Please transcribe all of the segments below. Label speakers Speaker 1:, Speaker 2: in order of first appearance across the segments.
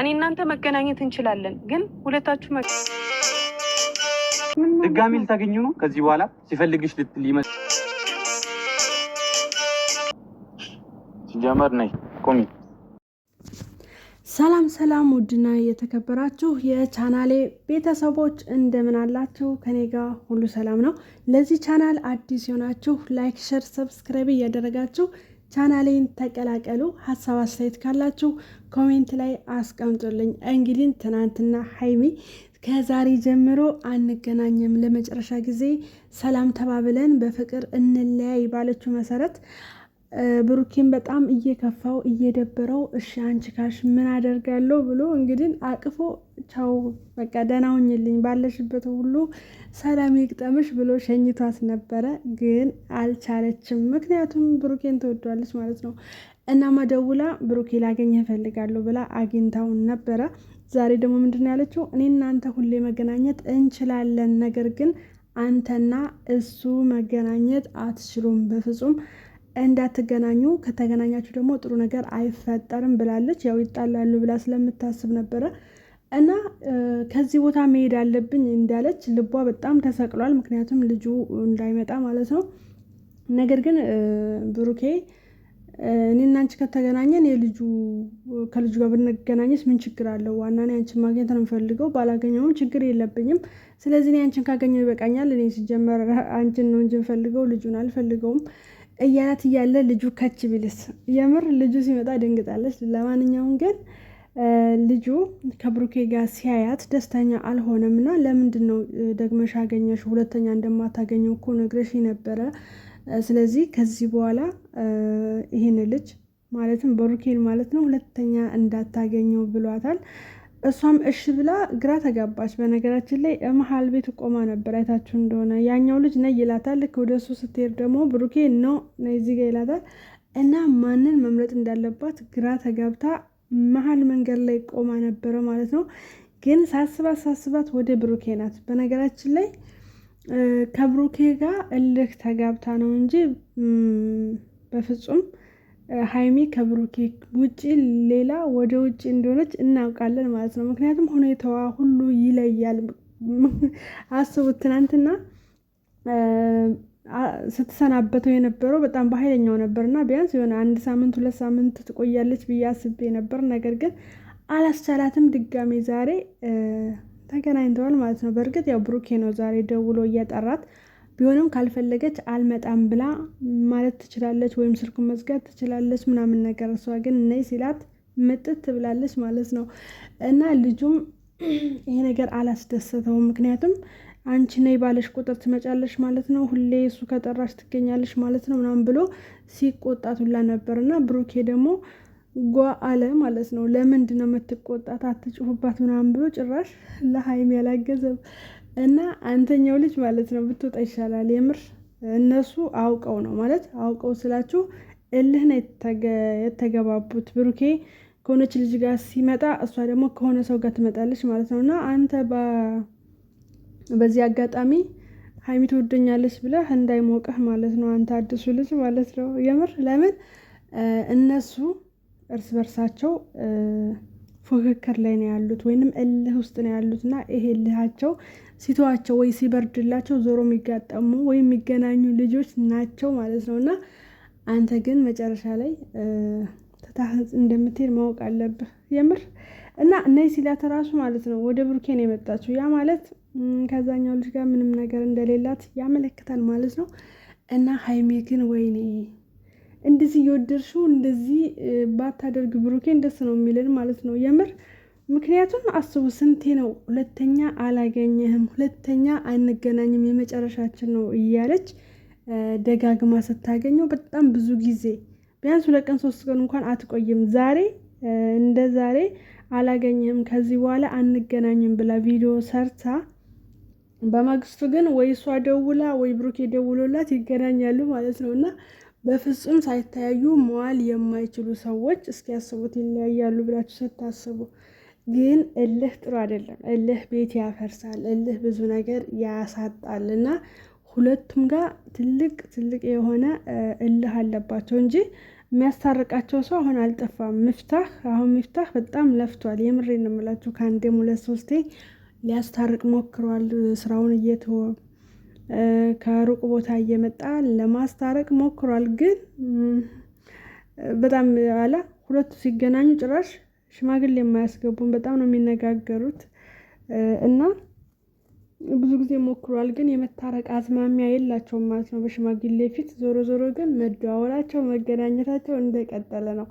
Speaker 1: እኔ እናንተ መገናኘት እንችላለን፣ ግን ሁለታችሁ
Speaker 2: ድጋሚ ልታገኙ ነው። ከዚህ በኋላ ሲፈልግሽ ሊመስ ሲጀመር ነይ ቁሚ።
Speaker 1: ሰላም ሰላም! ውድና የተከበራችሁ የቻናሌ ቤተሰቦች እንደምን አላችሁ? ከኔ ጋር ሁሉ ሰላም ነው። ለዚህ ቻናል አዲስ የሆናችሁ ላይክ፣ ሸር፣ ሰብስክራይብ እያደረጋችሁ ቻናሌን ተቀላቀሉ። ሀሳብ አስተያየት ካላችሁ ኮሜንት ላይ አስቀምጡልኝ። እንግዲህ ትናንትና ሀይሚ ከዛሬ ጀምሮ አንገናኘም፣ ለመጨረሻ ጊዜ ሰላም ተባብለን በፍቅር እንለያይ ባለችው መሰረት ብሩኬን በጣም እየከፋው እየደበረው፣ እሺ አንቺ ካልሽ ምን አደርጋለሁ ብሎ እንግዲህ አቅፎ ቻው በቃ ደህና ሁኝልኝ ባለሽበት ሁሉ ሰላም ይግጠምሽ ብሎ ሸኝቷት ነበረ። ግን አልቻለችም፣ ምክንያቱም ብሩኬን ትወዷለች ማለት ነው። እና መደውላ ብሩኬ ላገኝ እፈልጋለሁ ብላ አግኝታውን ነበረ። ዛሬ ደግሞ ምንድን ያለችው? እኔ እናንተ ሁሌ መገናኘት እንችላለን፣ ነገር ግን አንተና እሱ መገናኘት አትችሉም፣ በፍጹም እንዳትገናኙ፣ ከተገናኛችሁ ደግሞ ጥሩ ነገር አይፈጠርም ብላለች። ያው ይጣላሉ ብላ ስለምታስብ ነበረ እና ከዚህ ቦታ መሄድ አለብኝ እንዳለች ልቧ በጣም ተሰቅሏል። ምክንያቱም ልጁ እንዳይመጣ ማለት ነው። ነገር ግን ብሩኬ እኔና አንቺ ከተገናኘን የልጁ ከልጁ ጋር ብንገናኘስ ምን ችግር አለው? ዋና እኔ አንቺን ማግኘት ነው የምፈልገው። ባላገኘውም ችግር የለብኝም። ስለዚህ እኔ አንቺን ካገኘው ይበቃኛል። እኔ ሲጀመር አንቺን ነው እንጂ የምፈልገው ልጁን አልፈልገውም እያላት እያለ ልጁ ከች ቢልስ? የምር ልጁ ሲመጣ ደንግጣለች። ለማንኛውም ግን ልጁ ከብሩኬ ጋር ሲያያት ደስተኛ አልሆነም እና ለምንድን ነው ደግመሽ አገኘሽ ሁለተኛ እንደማታገኘው እኮ ነግረሽ ነበረ ስለዚህ ከዚህ በኋላ ይህን ልጅ ማለትም በሩኬን ማለት ነው ሁለተኛ እንዳታገኘው ብሏታል። እሷም እሺ ብላ ግራ ተጋባች። በነገራችን ላይ መሀል ቤት ቆማ ነበር አይታችሁ እንደሆነ ያኛው ልጅ ነይ ይላታል። ልክ ወደ እሱ ስትሄድ ደግሞ ብሩኬ ነው ነይ እዚህ ጋ ይላታል። እና ማንን መምረጥ እንዳለባት ግራ ተጋብታ መሀል መንገድ ላይ ቆማ ነበረ ማለት ነው። ግን ሳስባት ሳስባት ወደ ብሩኬ ናት በነገራችን ላይ ከብሩኬ ጋር እልህ ተጋብታ ነው እንጂ በፍጹም ሀይሚ ከብሩኬ ውጪ ሌላ ወደ ውጪ እንደሆነች እናውቃለን ማለት ነው። ምክንያቱም ሁኔታዋ ሁሉ ይለያል። አስቡት ትናንትና ስትሰናበተው የነበረው በጣም በኃይለኛው ነበር እና ቢያንስ የሆነ አንድ ሳምንት ሁለት ሳምንት ትቆያለች ብዬ አስቤ ነበር። ነገር ግን አላስቻላትም። ድጋሜ ዛሬ ተገናኝተዋል ማለት ነው። በእርግጥ ያው ብሩኬ ነው ዛሬ ደውሎ እየጠራት ቢሆንም ካልፈለገች አልመጣም ብላ ማለት ትችላለች፣ ወይም ስልኩን መዝጋት ትችላለች ምናምን ነገር። እሷ ግን ነይ ሲላት ምጥት ትብላለች ማለት ነው። እና ልጁም ይሄ ነገር አላስደሰተውም። ምክንያቱም አንቺ ነይ ባለሽ ቁጥር ትመጫለሽ ማለት ነው፣ ሁሌ እሱ ከጠራሽ ትገኛለሽ ማለት ነው ምናምን ብሎ ሲቆጣት ሁላ ነበር እና ብሩኬ ደግሞ ጓ አለ ማለት ነው። ለምንድን ነው የምትቆጣት አትጭፉባት ምናምን ብሎ ጭራሽ ለሀይሚ ያላገዘብ እና አንተኛው ልጅ ማለት ነው ብትወጣ ይሻላል። የምር እነሱ አውቀው ነው ማለት አውቀው ስላችሁ እልህ ነው የተገባቡት። ብሩኬ ከሆነች ልጅ ጋር ሲመጣ እሷ ደግሞ ከሆነ ሰው ጋር ትመጣለች ማለት ነው እና አንተ በዚህ አጋጣሚ ሀይሚ ትወደኛለች ብለህ እንዳይሞቀህ ማለት ነው። አንተ አዲሱ ልጅ ማለት ነው የምር ለምን እነሱ እርስ በርሳቸው ፉክክር ላይ ነው ያሉት ወይንም እልህ ውስጥ ነው ያሉት እና ይሄ እልሃቸው ሲተዋቸው ወይ ሲበርድላቸው ዞሮ የሚጋጠሙ ወይ የሚገናኙ ልጆች ናቸው ማለት ነው እና አንተ ግን መጨረሻ ላይ ትታህ እንደምትሄድ ማወቅ አለብህ የምር እና እነ ሲላት ራሱ ማለት ነው ወደ ብሩኬ ነው የመጣችው። ያ ማለት ከዛኛው ልጅ ጋር ምንም ነገር እንደሌላት ያመለክታል ማለት ነው እና ሀይሜ ግን ወይኔ እንደዚህ እየወደድሽው እንደዚህ ባታደርግ ብሩኬ እንደስ ነው የሚልን ማለት ነው የምር ምክንያቱም አስቡ ስንቴ ነው ሁለተኛ አላገኘህም ሁለተኛ አንገናኝም የመጨረሻችን ነው እያለች ደጋግማ ስታገኘው በጣም ብዙ ጊዜ ቢያንስ ሁለት ቀን ሶስት ቀን እንኳን አትቆይም ዛሬ እንደ ዛሬ አላገኘህም ከዚህ በኋላ አንገናኝም ብላ ቪዲዮ ሰርታ በማግስቱ ግን ወይ እሷ ደውላ ወይ ብሩኬ ደውሎላት ይገናኛሉ ማለት ነው እና በፍጹም ሳይተያዩ መዋል የማይችሉ ሰዎች እስኪያስቡት ይለያያሉ ብላችሁ ስታስቡ ግን እልህ ጥሩ አይደለም። እልህ ቤት ያፈርሳል። እልህ ብዙ ነገር ያሳጣል እና ሁለቱም ጋር ትልቅ ትልቅ የሆነ እልህ አለባቸው እንጂ የሚያስታርቃቸው ሰው አሁን አልጠፋም። ምፍታህ አሁን ምፍታህ በጣም ለፍቷል። የምሬ ነው የምላችሁ ከአንዴም ሁለት ሶስቴ ሊያስታርቅ ሞክሯል። ስራውን እየተወ ከሩቅ ቦታ እየመጣ ለማስታረቅ ሞክሯል። ግን በጣም አለ ሁለቱ ሲገናኙ ጭራሽ ሽማግሌ የማያስገቡን በጣም ነው የሚነጋገሩት እና ብዙ ጊዜ ሞክሯል። ግን የመታረቅ አዝማሚያ የላቸውም ማለት ነው በሽማግሌ ፊት። ዞሮ ዞሮ ግን መደዋወላቸው፣ መገናኘታቸው እንደቀጠለ ነው።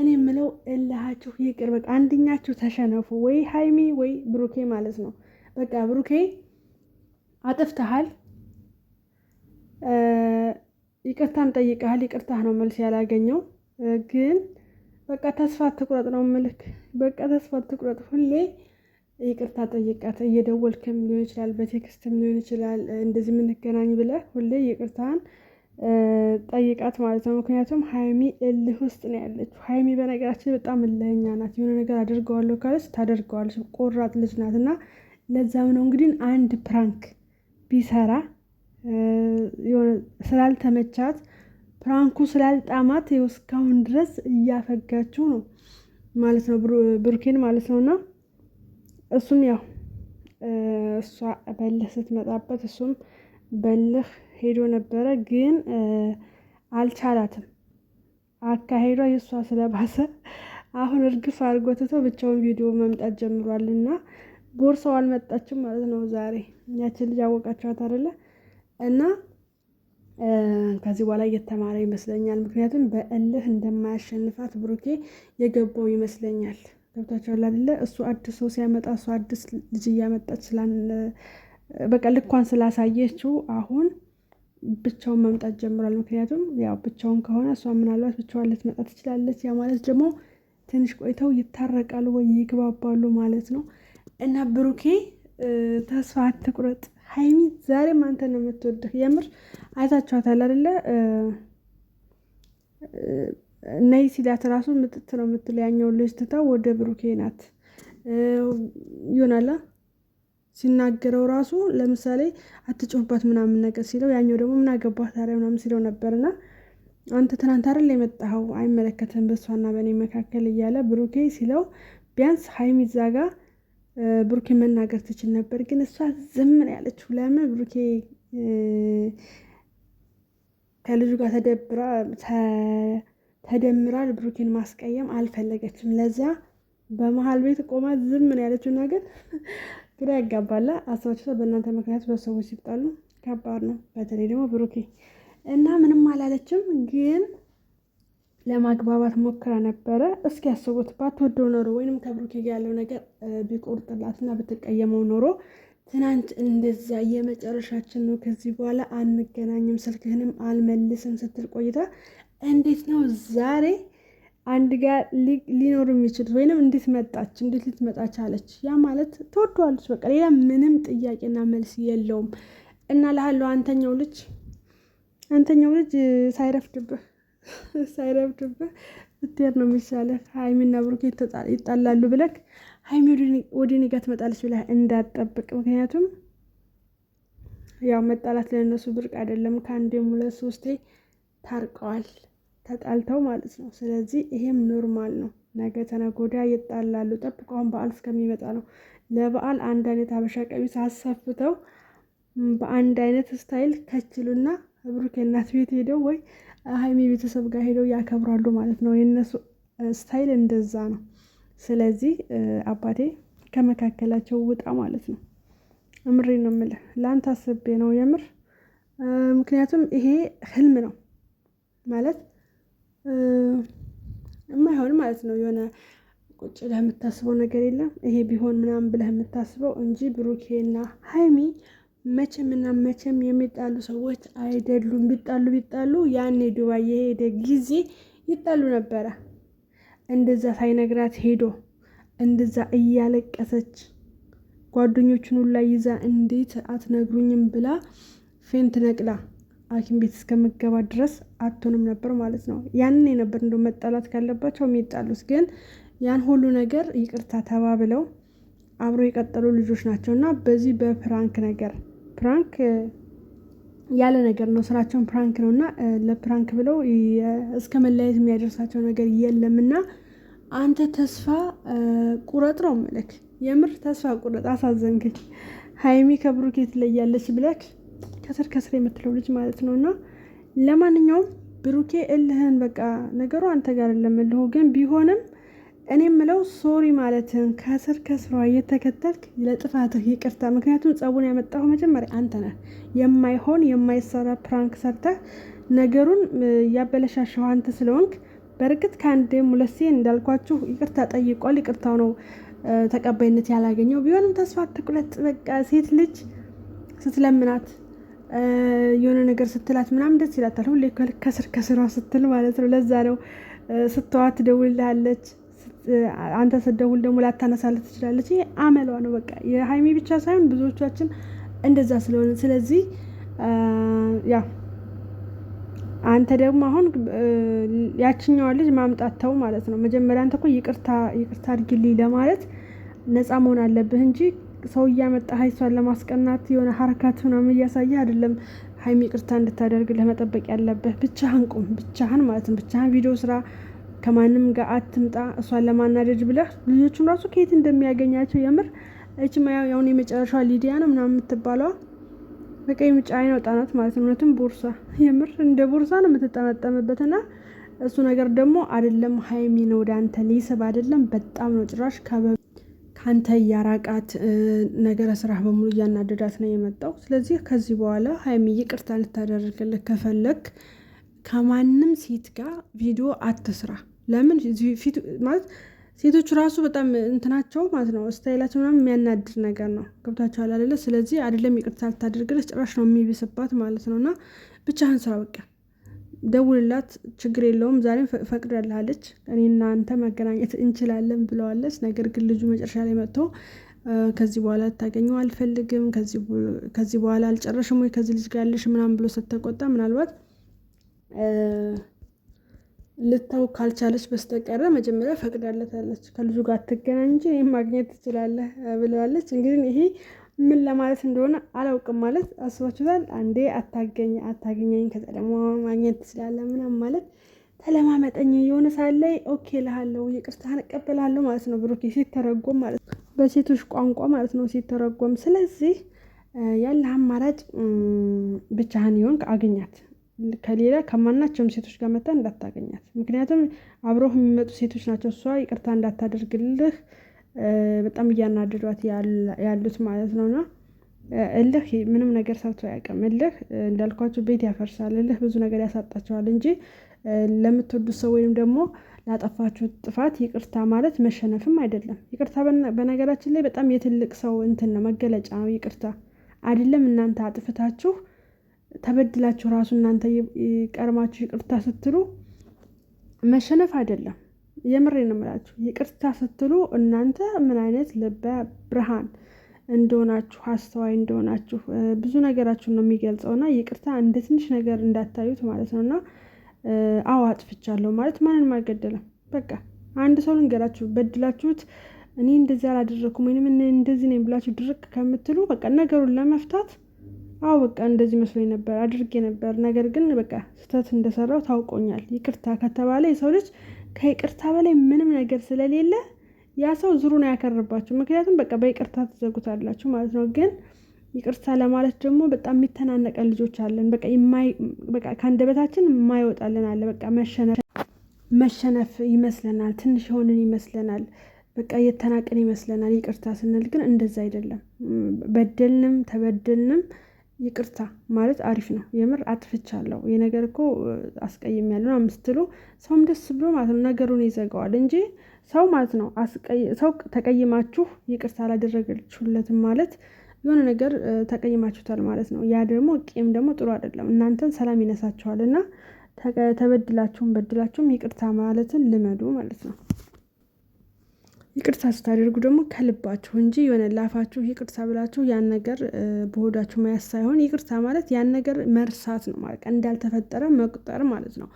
Speaker 1: እኔ የምለው እልሃችሁ ይቅር፣ በቃ አንድኛችሁ ተሸነፉ፣ ወይ ሀይሚ ወይ ብሩኬ ማለት ነው። በቃ ብሩኬ አጥፍተሃል ይቅርታም ጠይቀሃል፣ ይቅርታ ነው መልስ ያላገኘው። ግን በቃ ተስፋ ትቁረጥ ነው ምልክ። በቃ ተስፋ ትቁረጥ። ሁሌ ይቅርታ ጠይቃት። እየደወልክም ሊሆን ይችላል፣ በቴክስትም ሊሆን ይችላል። እንደዚህ የምንገናኝ ብለህ ሁሌ ይቅርታን ጠይቃት ማለት ነው። ምክንያቱም ሀይሚ እልህ ውስጥ ነው ያለችው። ሀይሚ በነገራችን በጣም እልህኛ ናት። የሆነ ነገር አድርገዋለሁ ካለች ታደርገዋለች። ቆራጥ ልጅ ናት እና ለዛም ነው እንግዲህ አንድ ፕራንክ ቢሰራ ስላልተመቻት ፕራንኩ ስላልጣማት ይኸው እስካሁን ድረስ እያፈጋችው ነው ማለት ነው ብሩኬን ማለት ነው። እና እሱም ያው እሷ በልህ ስትመጣበት እሱም በልህ ሄዶ ነበረ፣ ግን አልቻላትም። አካሄዷ የእሷ ስለባሰ አሁን እርግፍ አድርጎ ትቶ ብቻውን ቪዲዮ መምጣት ጀምሯል እና ቦርሳው አልመጣችም ማለት ነው። ዛሬ ያችን ልጅ አወቃችኋት አደለ። እና ከዚህ በኋላ እየተማረ ይመስለኛል። ምክንያቱም በእልህ እንደማያሸንፋት ብሩኬ የገባው ይመስለኛል። ገብታችኋል አይደለ? እሱ አዲስ ሰው ሲያመጣ እሱ አዲስ ልጅ እያመጣች በቃ ልኳን ስላሳየችው አሁን ብቻውን መምጣት ጀምሯል። ምክንያቱም ያው ብቻውን ከሆነ እሷ ምናልባት ብቻዋን ልትመጣ ትችላለች። ያ ማለት ደግሞ ትንሽ ቆይተው ይታረቃሉ ወይ ይግባባሉ ማለት ነው። እና ብሩኬ ተስፋ አትቁረጥ። ሀይሚ ዛሬም አንተ ነው የምትወድህ። የምር አይታችኋታል አይደለ? ነይ ሲላት ራሱ ምጥት ነው የምትለው። ያኛው ልጅ ትታ ወደ ብሩኬ ናት ይሆናላ ሲናገረው ራሱ ለምሳሌ አትጮህባት ምናምን ነገር ሲለው ያኛው ደግሞ ምን አገባት ታዲያ ምናምን ሲለው ነበርና አንተ ትናንት አይደል የመጣኸው አይመለከትም በእሷና በእኔ መካከል እያለ ብሩኬ ሲለው ቢያንስ ሀይሚ እዛ ብሩኬ መናገር ትችል ነበር፣ ግን እሷ ዝም ነው ያለችው። ለምን ብሩኬ ከልጁ ጋር ተደብራ ተደምራል ብሩኬን ማስቀየም አልፈለገችም። ለዛ በመሀል ቤት ቆማ ዝም ነው ያለችው ነገር ግራ ያጋባላ። አስባችሁታ በእናንተ ምክንያት በሰዎች ሲጣሉ ከባድ ነው። በተለይ ደግሞ ብሩኬ እና ምንም አላለችም ግን ለማግባባት ሞክራ ነበረ። እስኪ ያስቡት ባትወደው ኖሮ ወይንም ከብሩኬ ጋር ያለው ነገር ቢቆርጥላትና ብትቀየመው ኖሮ ትናንት እንደዛ የመጨረሻችን ነው፣ ከዚህ በኋላ አንገናኝም፣ ስልክህንም አልመልስም ስትል ቆይታ እንዴት ነው ዛሬ አንድ ጋር ሊኖሩ የሚችሉት ወይንም እንዴት መጣች? እንዴት ልትመጣች አለች ያ ማለት ትወደዋለች። በቃ ሌላ ምንም ጥያቄና መልስ የለውም። እና ላህለው አንተኛው ልጅ አንተኛው ልጅ ሳይረፍድብህ ሳይረብድብህ ብትሄድ ነው የሚሻለህ። ሀይሚና ብሩኬ ይጣላሉ ብለክ ሀይሚ ወደ እኔ ጋር ትመጣለች ብለህ እንዳትጠብቅ። ምክንያቱም ያው መጣላት ለነሱ ብርቅ አይደለም። ከአንዴም ሁለት ሶስቴ ታርቀዋል፣ ተጣልተው ማለት ነው። ስለዚህ ይሄም ኖርማል ነው። ነገ ተነጎዳ ወዲያ ይጣላሉ። ጠብቀውን በዓል እስከሚመጣ ነው። ለበዓል አንድ አይነት ሀበሻ ቀሚስ አሰፍተው በአንድ አይነት ስታይል ከችሉና ብሩኬ እናት ቤት ሄደው ወይ ሀይሚ ቤተሰብ ጋር ሄደው ያከብራሉ ማለት ነው። የእነሱ ስታይል እንደዛ ነው። ስለዚህ አባቴ ከመካከላቸው ውጣ ማለት ነው። እምሬ ነው የምልህ፣ ለአንተ አስቤ ነው የምር። ምክንያቱም ይሄ ህልም ነው ማለት የማይሆን ማለት ነው። የሆነ ቁጭ ብለህ የምታስበው ነገር የለም ይሄ ቢሆን ምናምን ብለህ የምታስበው እንጂ ብሩኬና ሀይሚ መቼም እና መቼም የሚጣሉ ሰዎች አይደሉም። ቢጣሉ ቢጣሉ ያኔ ዱባይ የሄደ ጊዜ ይጣሉ ነበረ። እንደዛ ሳይነግራት ሄዶ እንደዛ እያለቀሰች ጓደኞቹን ሁላ ይዛ እንዴት አትነግሩኝም ብላ ፌንት ነቅላ ሐኪም ቤት እስከምገባ ድረስ አትሆንም ነበር ማለት ነው። ያንን የነበር እንደ መጣላት ካለባቸው የሚጣሉት ግን ያን ሁሉ ነገር ይቅርታ ተባብለው አብሮ የቀጠሉ ልጆች ናቸው እና በዚህ በፕራንክ ነገር ፕራንክ ያለ ነገር ነው። ስራቸውን ፕራንክ ነው እና ለፕራንክ ብለው እስከ መለያየት የሚያደርሳቸው ነገር የለም እና አንተ ተስፋ ቁረጥ ነው ምልክ። የምር ተስፋ ቁረጥ። አሳዘንክኝ። ሀይሚ ከብሩኬ የትለያለች ብለክ ከስር ከስር የምትለው ልጅ ማለት ነው እና ለማንኛውም ብሩኬ እልህን በቃ ነገሩ አንተ ጋር የለም። ግን ቢሆንም እኔ የምለው ሶሪ ማለትን ከስር ከስሯ እየተከተልክ ለጥፋትህ ይቅርታ። ምክንያቱም ጸቡን ያመጣሁ መጀመሪያ አንተ ነህ። የማይሆን የማይሰራ ፕራንክ ሰርተህ ነገሩን ያበለሻሸው አንተ ስለሆንክ በእርግጥ ከአንዴም ሁለት ሴ እንዳልኳችሁ ይቅርታ ጠይቋል። ይቅርታው ነው ተቀባይነት ያላገኘው ቢሆንም ተስፋ አትቁረጥ። በቃ ሴት ልጅ ስትለምናት የሆነ ነገር ስትላት ምናምን ደስ ይላታል። ሁሌ ከስር ከስሯ ስትል ማለት ነው። ለዛ ነው ስትዋት ትደውልልሃለች አንተ ስደውል ደግሞ ላታነሳለ ትችላለች። ይሄ አመሏ ነው በቃ የሀይሜ ብቻ ሳይሆን ብዙዎቻችን እንደዛ ስለሆነ ስለዚህ ያ አንተ ደግሞ አሁን ያችኛዋ ልጅ ማምጣት ተው ማለት ነው። መጀመሪያ አንተ እኮ ይቅርታ ይቅርታ ለማለት ነፃ መሆን አለብህ እንጂ ሰው እያመጣ ሀይሷን ለማስቀናት የሆነ ሀረካት ምናምን እያሳየህ አይደለም። ሀይሚ ይቅርታ እንድታደርግ ለመጠበቅ ያለብህ ብቻህን ቁም፣ ብቻህን ማለት ነው። ብቻህን ቪዲዮ ስራ ከማንም ጋር አትምጣ እሷን ለማናደድ ብለህ ልጆቹን ራሱ ከየት እንደሚያገኛቸው የምር እች እችማ ያሁን የመጨረሻ ሊዲያ ነው ምናምን የምትባለዋ በቀይ ምጫ አይነ ወጣናት ማለት ነው። እውነትም ቦርሳ የምር እንደ ቦርሳ ነው የምትጠመጠምበት እና እሱ ነገር ደግሞ አይደለም ሀይሚ ነው ወደ አንተ ሊስብ አይደለም በጣም ነው ጭራሽ ከአንተ እያራቃት ነገረ ስራ በሙሉ እያናደዳት ነው የመጣው። ስለዚህ ከዚህ በኋላ ሀይሚ ይቅርታ ልታደርግልህ ከፈለግ ከማንም ሴት ጋር ቪዲዮ አትስራ። ለምን ፊቱ ማለት ሴቶች ራሱ በጣም እንትናቸው ማለት ነው ስታይላቸው ምናምን የሚያናድር ነገር ነው። ገብታቸዋል አይደለ? ስለዚህ አይደለም ይቅርታ ልታደርግለት ጭራሽ ነው የሚብስባት ማለት ነው። እና ብቻህን ስራ በቃ ደውልላት፣ ችግር የለውም ዛሬም ፈቅዳልሃለች፣ እኔና አንተ መገናኘት እንችላለን ብለዋለች። ነገር ግን ልጁ መጨረሻ ላይ መጥቶ ከዚህ በኋላ ልታገኘው አልፈልግም፣ ከዚህ በኋላ አልጨረሽም ወይ ከዚህ ልጅ ጋር ያለሽ ምናምን ብሎ ስትቆጣ ምናልባት ልታው ካልቻለች በስተቀረ መጀመሪያ ፈቅዳለታለች። ከልጁ ጋር አትገናኝ እንጂ ይህም ማግኘት ትችላለህ ብለዋለች። እንግዲህ ይሄ ምን ለማለት እንደሆነ አላውቅም። ማለት አስባችሁታል? አንዴ አታገኝ አታገኘኝ፣ ከዛ ደግሞ ማግኘት ትችላለህ ምናምን ማለት ተለማመጠኝ የሆነ ሳለ ኦኬ ልሃለው ይቅርታህን እቀበልሃለሁ ማለት ነው። ብሩኬ ሲተረጎም ማለት ነው፣ በሴቶች ቋንቋ ማለት ነው ሲተረጎም። ስለዚህ ያለህ አማራጭ ብቻህን ይሆን አግኛት ከሌላ ከማናቸውም ሴቶች ጋር መታ እንዳታገኛት። ምክንያቱም አብረው የሚመጡ ሴቶች ናቸው። እሷ ይቅርታ እንዳታደርግልህ በጣም እያናደዷት ያሉት ማለት ነውና እልህ ምንም ነገር ሰርቶ አያውቅም። እልህ እንዳልኳቸው ቤት ያፈርሳል። እልህ ብዙ ነገር ያሳጣቸዋል እንጂ ለምትወዱት ሰው ወይም ደግሞ ላጠፋችሁ ጥፋት ይቅርታ ማለት መሸነፍም አይደለም። ይቅርታ በነገራችን ላይ በጣም የትልቅ ሰው እንትን ነው መገለጫ ነው። ይቅርታ አይደለም እናንተ አጥፍታችሁ ተበድላችሁ ራሱ እናንተ ቀርማችሁ ይቅርታ ስትሉ መሸነፍ አይደለም። የምሬ ነው የምላችሁ። ይቅርታ ስትሉ እናንተ ምን አይነት ልበ ብርሃን እንደሆናችሁ አስተዋይ እንደሆናችሁ ብዙ ነገራችሁን ነው የሚገልጸው። እና ይቅርታ እንደ ትንሽ ነገር እንዳታዩት ማለት ነው። እና አዎ አጥፍቻለሁ ማለት ማንንም አልገደለም። በቃ አንድ ሰው ልንገራችሁ፣ በድላችሁት እኔ እንደዚህ አላደረኩም ወይም እንደዚህ ነኝ ብላችሁ ድርቅ ከምትሉ በቃ ነገሩን ለመፍታት አዎ በቃ እንደዚህ መስሎኝ ነበር አድርጌ ነበር። ነገር ግን በቃ ስህተት እንደሰራው ታውቆኛል። ይቅርታ ከተባለ የሰው ልጅ ከይቅርታ በላይ ምንም ነገር ስለሌለ ያ ሰው ነው አያከርባችሁ። ምክንያቱም በቃ በይቅርታ ትዘጉታላችሁ ማለት ነው። ግን ይቅርታ ለማለት ደግሞ በጣም የሚተናነቀን ልጆች አለን። በቃ ከአንደበታችን የማይወጣልን አለ። በቃ መሸነፍ መሸነፍ ይመስለናል። ትንሽ የሆንን ይመስለናል። በቃ የተናቅን ይመስለናል። ይቅርታ ስንል ግን እንደዛ አይደለም። በደልንም ተበደልንም ይቅርታ ማለት አሪፍ ነው። የምር አጥፍቻለሁ፣ ይሄ ነገር እኮ አስቀይሜያለሁ ምናምን ስትሉ ሰውም ደስ ብሎ ማለት ነው ነገሩን ይዘጋዋል እንጂ ሰው ማለት ነው ሰው ተቀይማችሁ ይቅርታ አላደረገችሁለትም ማለት የሆነ ነገር ተቀይማችሁታል ማለት ነው። ያ ደግሞ ቂም ደግሞ ጥሩ አይደለም። እናንተን ሰላም ይነሳችኋል እና ተበድላችሁም በድላችሁም ይቅርታ ማለትን ልመዱ ማለት ነው። ይቅርታ ስታደርጉ ደግሞ ከልባችሁ እንጂ የሆነ ላፋችሁ ይቅርታ ብላችሁ ያን ነገር በሆዳችሁ መያዝ ሳይሆን ይቅርታ ማለት ያን ነገር መርሳት ነው ማለት እንዳልተፈጠረ መቁጠር ማለት ነው።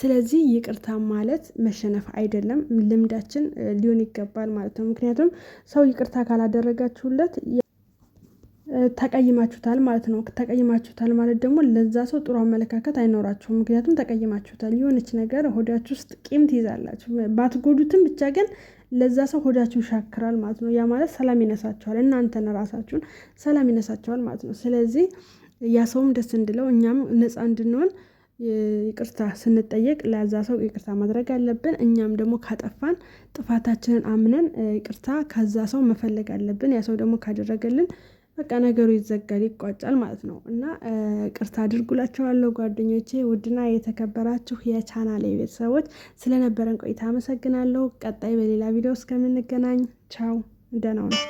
Speaker 1: ስለዚህ ይቅርታ ማለት መሸነፍ አይደለም፣ ልምዳችን ሊሆን ይገባል ማለት ነው። ምክንያቱም ሰው ይቅርታ ካላደረጋችሁለት ተቀይማችሁታል ማለት ነው። ተቀይማችሁታል ማለት ደግሞ ለዛ ሰው ጥሩ አመለካከት አይኖራችሁም። ምክንያቱም ተቀይማችሁታል፣ የሆነች ነገር ሆዳችሁ ውስጥ ቂም ትይዛላችሁ። ባትጎዱትም ብቻ ግን ለዛ ሰው ሆዳችሁ ይሻክራል ማለት ነው። ያ ማለት ሰላም ይነሳቸዋል፣ እናንተን ራሳችሁን ሰላም ይነሳቸዋል ማለት ነው። ስለዚህ ያ ሰውም ደስ እንድለው እኛም ነፃ እንድንሆን ይቅርታ ስንጠየቅ ለዛ ሰው ይቅርታ ማድረግ አለብን። እኛም ደግሞ ካጠፋን ጥፋታችንን አምነን ይቅርታ ከዛ ሰው መፈለግ አለብን። ያ ሰው ደግሞ ካደረገልን በቃ ነገሩ ይዘጋል፣ ይቋጫል ማለት ነው። እና ቅርታ አድርጉላቸዋለሁ ጓደኞቼ። ውድና የተከበራችሁ የቻናል ቤተሰቦች ስለነበረን ቆይታ አመሰግናለሁ። ቀጣይ በሌላ ቪዲዮ እስከምንገናኝ ቻው፣ ደህና ነው።